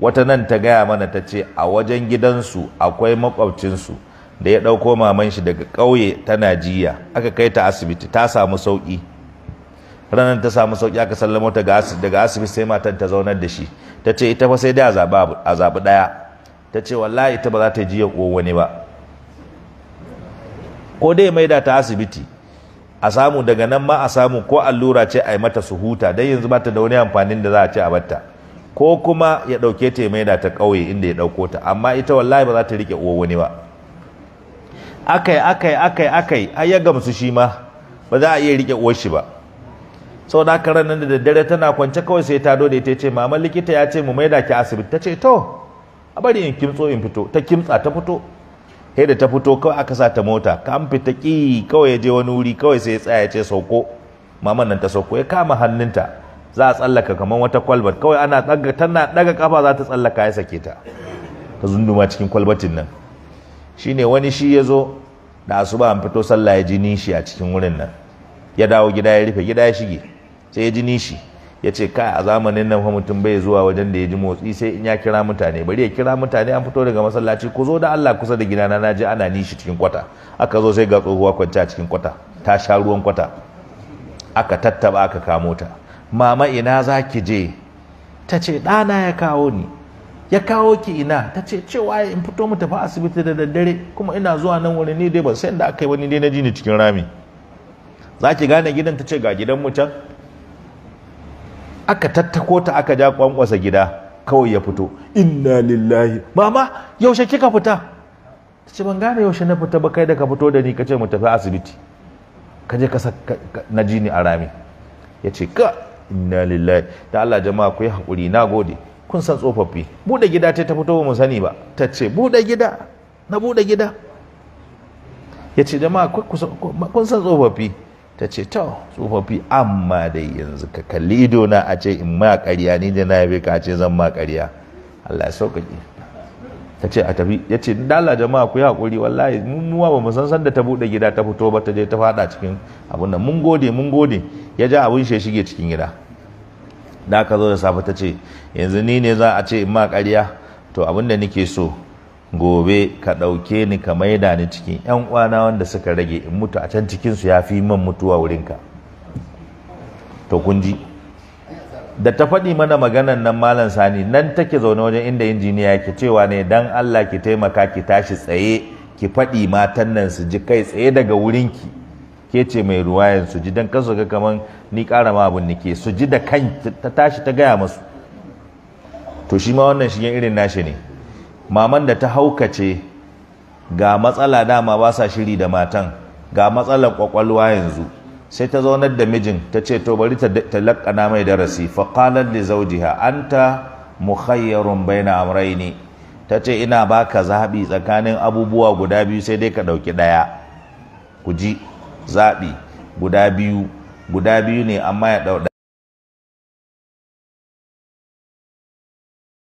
wata nan ta gaya mana ta ce a wajen gidansu akwai makwabcinsu da ya ɗauko maman shi daga ƙauye ta najiya aka kai ta asibiti ta samu sauƙi ranar ta samu sauƙi aka sallamo ta daga asibiti sai matan ta zaunar da shi ta ce ita fa sai dai a zaɓi ɗaya ta ce wallahi ita ba za ta ji ya wani ba ko dai mai da ta asibiti a samu daga nan ma a samu ko allura ce a yi mata su huta don yanzu ba ta da wani amfanin da za a ce a batta ko kuma ya ɗauke ta mai da ta ƙauye inda ya ɗauko ta amma ita wallahi ba za ta riƙe uwa wani ba akai akai akai akai ai ya gamsu shi ma ba za a iya riƙe uwar shi ba sau da haka ranar da daddare tana kwance kawai sai ta dole ta ce mama likita ya ce mu mai da ki asibiti ta ce to a bari in kimtso in fito ta kimtsa ta fito sai da ta fito kawai aka sa ta mota ka an fita ki kawai ya je wani wuri kawai sai ya tsaya ya ce sauko maman nan ta sauko ya kama hannunta za a tsallaka kamar wata kwalbat kawai ana ɗaga tana daga kafa za ta tsallaka ya sake ta ta zunduma cikin kwalbatin nan Shi ne wani shi ya zo da asuba an fito sallah ya ji nishi a cikin wurin nan ya dawo gida ya rufe gida ya shige sai ya ji nishi ya ce kai a zamanin nan fa mutum bai zuwa wajen da ya ji motsi sai in ya kira mutane bari ya kira mutane an fito daga masallaci ku zo da Allah kusa da gidana na naji ana nishi cikin kwata aka zo sai ga tsohuwa kwanci a cikin kwata ta sha ruwan kwata aka tattaba aka kamo ta mama ina za ki je ta ce ɗana ya kawo ni ya kawo ki ina ta ce cewa in fito mu tafi asibiti da daddare kuma ina zuwa nan wani ne dai ban san da aka yi wani dai na ji ni cikin rami za ki gane gidan ta ce ga gidan mu can aka tattako ta aka ja kwankwasa gida kawai ya fito inna lillahi mama yaushe kika fita ta ce ban gane yaushe na fita ba kai da ka fito da ni ka ce mu tafi asibiti ka je ka na ji ni a rami ya ce ka inna lillahi da Allah jama'a ku yi hakuri na gode kun san tsofaffi buɗe gida ta fito ba mu sani ba ta ce buɗe gida na buɗe gida ya ce jama'a kun san tsofaffi ta ce ta tsofaffi amma dai yanzu ka kalli ido na a ce in ma ƙarya ni da na yabe ka ce zan ma ƙarya Allah ya sauƙaƙe ta ce a tafi ya ce dala jama'a ku yi haƙuri wallahi nuwa ba mu san sanda ta buɗe gida ta fito ba ta je ta faɗa cikin abun nan mun gode mun gode ya ja abun shi shige cikin gida da aka zo da safe ta ce yanzu ni ne za a ce in ma ƙarya to abin da nake so gobe ka ɗauke ni ka maida ni cikin yan uwana wanda suka rage in mutu a can cikin su ya fi man mutuwa wurinka to kun ji da ta faɗi mana maganan nan malam sani nan take zaune wajen inda injiniya yake cewa ne dan Allah ki taimaka ki tashi tsaye ki faɗi matan nan su ji kai tsaye daga wurin ki. ke ce mai ruwayan su ji dan kansu ga kaman ni ƙara ma abin nake su ji da kan ta tashi ta gaya masu to shi ma wannan shigen irin nashi ne maman da ta haukace ga matsala dama ba sa shiri da matan ga matsalar kwakwalwa yanzu sai ta zaunar da mijin ta ce to bari ta lakana mai darasi fa qalat li zawjiha anta mukhayyarun baina amrayni ta ce ina baka zaɓi tsakanin abubuwa guda biyu sai dai ka ɗauki ɗaya ku ji zaɓi guda biyu guda biyu ne amma ya ɗauɗa